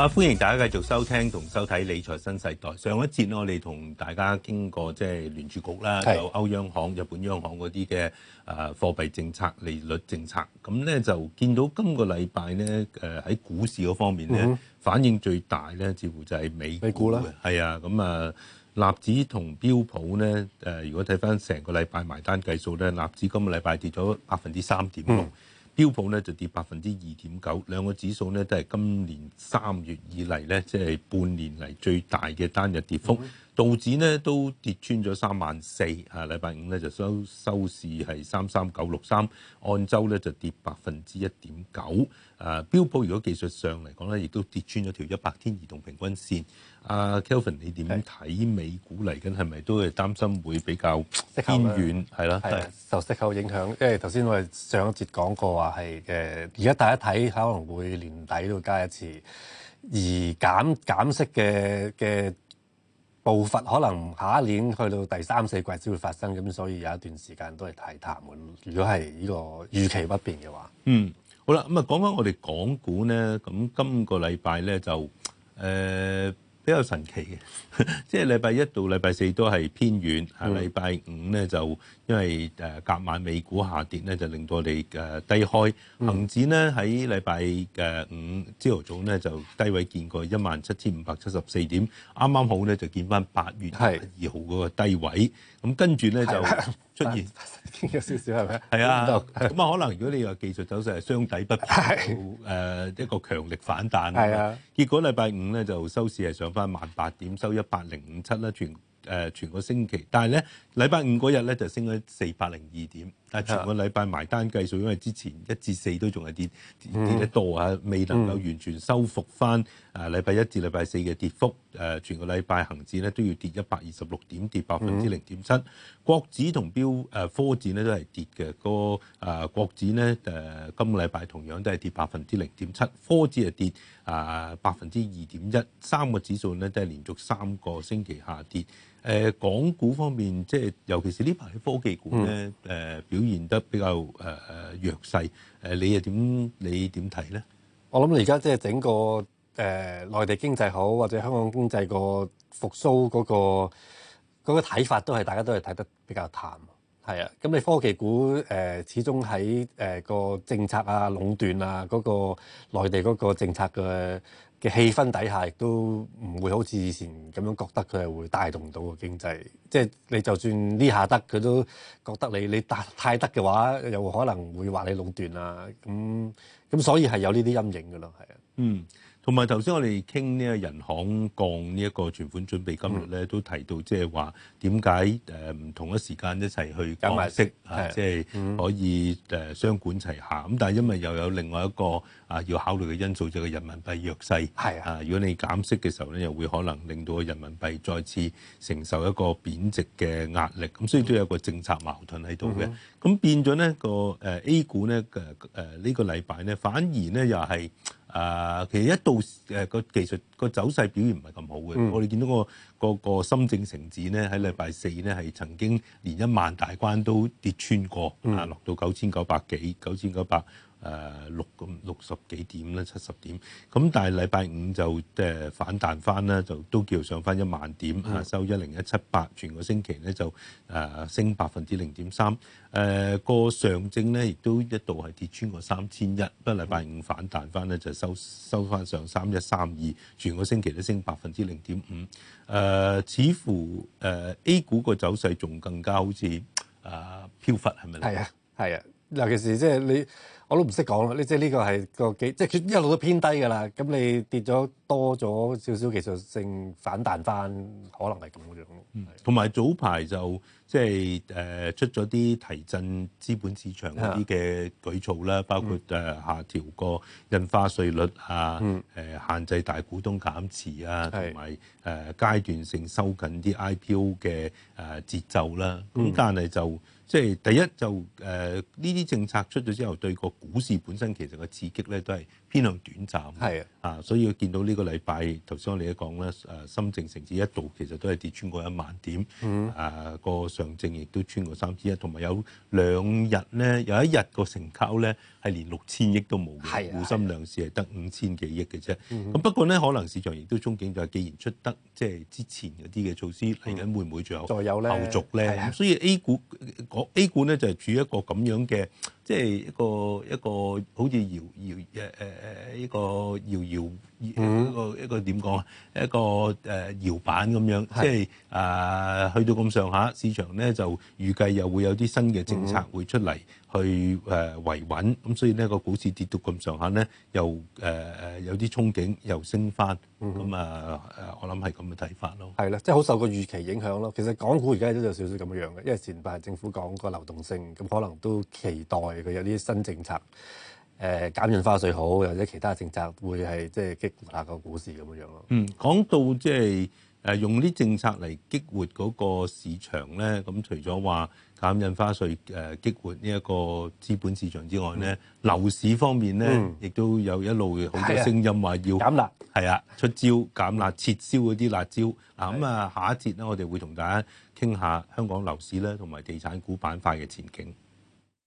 啊！歡迎大家繼續收聽同收睇《理財新世代》。上一節我哋同大家經過即係聯儲局啦，是有歐央行、日本央行嗰啲嘅啊貨幣政策、利率政策。咁咧就見到今個禮拜咧，誒喺股市嗰方面咧、嗯嗯、反應最大咧，似乎就係美股。美股啦，係啊，咁、嗯、啊，納指同標普咧，誒，如果睇翻成個禮拜埋單計數咧，納指今個禮拜跌咗百分之三點六。標普咧就跌百分之二點九，兩個指數咧都係今年三月以嚟咧，即係半年嚟最大嘅單日跌幅。Mm hmm. 道指咧都跌穿咗三萬四，啊，禮拜五咧就收收市係三三九六三，按周咧就跌百分之一點九。啊，標普如果技術上嚟講咧，亦都跌穿咗條一百天移動平均線。阿、啊、Kelvin 你點睇是美股嚟緊係咪都係擔心會比較偏遠？係啦、啊是，受息口影響，因為頭先我哋上一節講過話係誒，而家大家睇可能會年底都要加一次，而減減息嘅嘅。步伐可能下一年去到第三四季先會發生，咁所以有一段時間都係睇淡嘅。如果係呢個預期不變嘅話，嗯，好啦，咁啊講翻我哋港股咧，咁今個禮拜咧就誒。呃比較神奇嘅，即係禮拜一到禮拜四都係偏軟，係禮拜五咧就因為誒隔晚美股下跌咧，就令到我哋誒低開。恒指咧喺禮拜嘅五朝頭早咧就低位見過一萬七千五百七十四點，啱啱好咧就見翻，八月二號嗰個低位。咁跟住咧就出現有少少係咪？係啊，咁啊可能如果你話技術走勢係雙底不破，誒一個強力反彈。係啊，結果禮拜五咧就收市係上翻萬八點收一八零五七啦，全、呃、誒，全個星期，但係咧禮拜五嗰日咧就升咗四百零二點。但係全個禮拜埋單計數，因為之前一至四都仲係跌跌得多啊，未能夠完全收復返啊。禮拜一至禮拜四嘅跌幅，誒全個禮拜恆指咧都要跌一百二十六點，跌百分之零點七。國指同標誒科指咧都係跌嘅，個誒國指咧誒今個禮拜同樣都係跌百分之零點七，科指係跌啊百分之二點一，三個指數咧都係連續三個星期下跌。誒港股方面，即係尤其是呢排科技股咧誒，表現得比較誒弱勢，誒你又點？你點睇咧？我諗而家即係整個誒內地經濟好，或者香港經濟個復甦嗰個嗰個睇法，都係大家都係睇得比較淡。係啊，咁你科技股誒、呃、始終喺誒個政策啊、壟斷啊嗰、嗰個內地嗰個政策嘅嘅氣氛底下，亦都唔會好似以前咁樣覺得佢係會帶動到個經濟。即係你就算呢下得，佢都覺得你你太太得嘅話，又可能會話你壟斷啊。咁咁所以係有呢啲陰影㗎咯，係啊。嗯。同埋頭先我哋傾呢個人行降呢一個存款準備金率咧，嗯、都提到即係話點解誒唔同一時間一齊去降息、嗯、啊？即、就、係、是、可以誒雙管齊下。咁但係因為又有另外一個啊要考慮嘅因素，就係、是、人民幣弱勢。係啊，如果你減息嘅時候咧，又會可能令到個人民幣再次承受一個貶值嘅壓力。咁所以都有個政策矛盾喺度嘅。咁、嗯嗯、變咗呢個誒 A 股咧誒誒呢、這個禮拜咧，反而咧又係。啊，uh, 其實一度誒個技術個、呃、走勢表現唔係咁好嘅，嗯、我哋見到、那個、那個那個深證成指咧喺禮拜四咧係曾經連一萬大關都跌穿過、嗯、啊，落到九千九百幾、九千九百誒六個六十幾點啦，七十點咁。但係禮拜五就誒反彈翻啦，就都叫上翻一萬點嚇，收一零一七八。全個星期咧就誒升百分之零點三。誒、呃、個上證咧亦都一度係跌穿個三千一，不過禮拜五反彈翻咧就收收翻上三一三二。全個星期都升百分之零點五。誒、呃、似乎誒、呃、A 股個走勢仲更加好似誒飄忽係咪咧？係係啊，係啊，尤其是即係你。我都唔識講啦，呢即係呢個係個幾，即係一路都偏低㗎啦。咁你跌咗多咗少少，技術性，反彈翻，可能係咁樣咯。嗯，同埋早排就即係誒、呃、出咗啲提振資本市場嗰啲嘅舉措啦，的包括誒、嗯、下調個印花稅率啊，誒、嗯、限制大股東減持啊，同埋誒階段性收緊啲 IPO 嘅誒節奏啦。咁、嗯嗯、但係就即係第一就誒呢啲政策出咗之後對個股市本身其實個刺激咧都係偏向短暫，係啊，啊，所以佢見到呢個禮拜頭先我哋講咧，誒，深證成指一度其實都係跌穿過一萬點，嗯，啊，個上證亦都穿過三千一，同埋有兩日咧，有一日個成交咧係連六千億都冇嘅，滬深兩市係得五千幾億嘅啫。咁不過咧，可能市場亦都憧憬就係，既然出得即係之前嗰啲嘅措施嚟緊會唔會再有後續咧？所以 A 股嗰 A 股咧就係處於一個咁樣嘅。即係一個一個好似搖搖誒誒誒，一個搖搖、呃、一個搖搖、呃、一個一個點講啊一個誒、呃、搖板咁樣。是即係誒、呃、去到咁上下市場咧就預計又會有啲新嘅政策會出嚟。嗯嗯去誒維穩，咁、呃、所以呢個股市跌到咁上下咧，又誒誒、呃、有啲憧憬，又升翻，咁啊、嗯呃，我諗係咁嘅睇法咯。係啦，即係好受個預期影響咯。其實港股而家都有少少咁嘅樣嘅，因為前排政府講個流動性，咁可能都期待佢有啲新政策，誒減印花稅好，或者其他政策會係即係激活下個股市咁樣咯。嗯，講到即係。誒、啊、用啲政策嚟激活嗰個市場咧，咁、啊、除咗話減印花稅誒、啊，激活呢一個資本市場之外咧，嗯、樓市方面咧，亦、嗯、都有一路好多聲音話要減辣，係啊，出招減辣，撤銷嗰啲辣招。啊咁啊，下一節咧，我哋會同大家傾下香港樓市咧，同埋地產股板塊嘅前景。